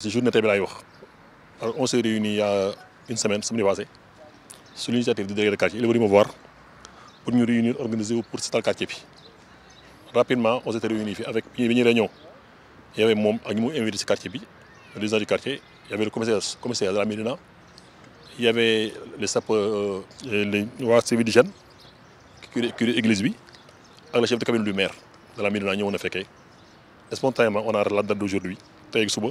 C'est journée bi wax on s'est réunis il y a une semaine samedi passé sur l'initiative du délégué de quartier il est venu me voir pour nous réunir organiser pour cet quartier rapidement on s'est réunis avec une Réunion. Il y avait mon ak ñu invité quartier bi les gens du quartier il y avait le commissaire commissaire de la Médina il y avait les sapeurs euh, les waa civils, jeunes qui curé l'église. bi le chef de cabinet du maire de la Médina ñëwoon na Et spontanément on a la date d'aujourd'hui tey ak suba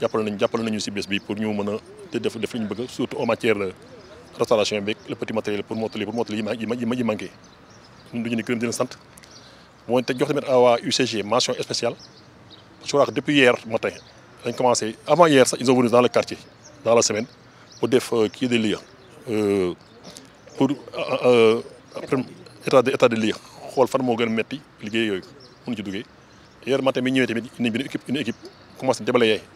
jàppal nañ jàppal nañu si bés bi pour ñu mën a te def def li ñu bëgg surtout en matière de restauration beeg le petit matériel pour mottali pour mottali yi ma yi manqué ñun duñu ne gërëm dina sant mooy te jox tamit à waa UCG mention spéciale parce que wax depuis hier matin dañ commencé avant hier ils ont venu dans le quartier dans la semaine pour def euh, kii des lieux euh, pour euh, après état de état de lieux xool fan moo gën a metti liggéey yooyu mun ci duggee hier matin mi ñëwee tamit une équipe une équipe commencé débalayer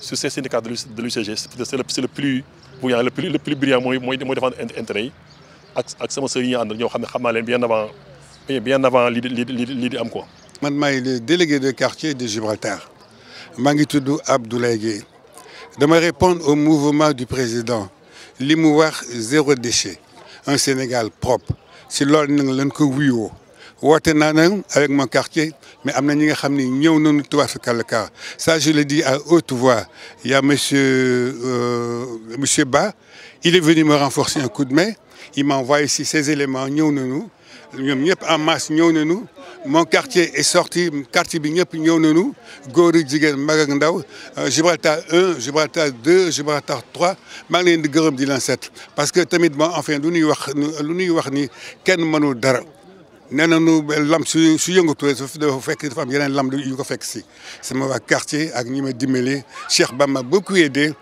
sur ces syndicats de l'UCG c'est le plus bouillant le plus le plus brillant moi, moi, défendre intérêt Avec bien avant bien avant l'idée de quoi. man le délégué de quartier de Gibraltar Mangitoudou Abdoulaye Je vais répondre au mouvement du président li zéro déchet un Sénégal propre si l'ordre que nous ko avec mon quartier mais am na ñi nga xam ni ça je le dis à haute voix il y a monsieur euh, monsieur Ba il est venu me renforcer un coup de main il m'envoie ici ses éléments ñëw nañu ñoom en masse ñëw nañu mon quartier est sorti quartier bi ñëpp ñëw nañu euh, Gibraltar 1 Gibraltar 2 Gibraltar 3 je suis leen di parce que timidement enfin lu ñuy wax lu ni kenn dara nee nañu lam su su yëngatoo dafa fekk dafa am yeneen lam yu ko fekk si sama wa quartier ak ñi ma dimbali Cheikh Ba beaucoup aidé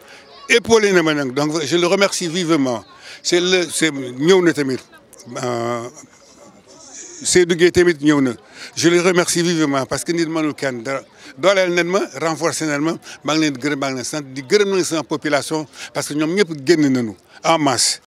épaulé na ma nag donc je le remercie vivement c'est le c'est ñëw na tamit euh, Seydou Gueye tamit ñëw na je le remercie vivement parce que nit manul kenn dara dooleel nañ ma renforcé nañ ma maa ngi leen di gërëm maa ngi leen sant di gërëm na sama population parce que ñom ñëpp génn nañu en masse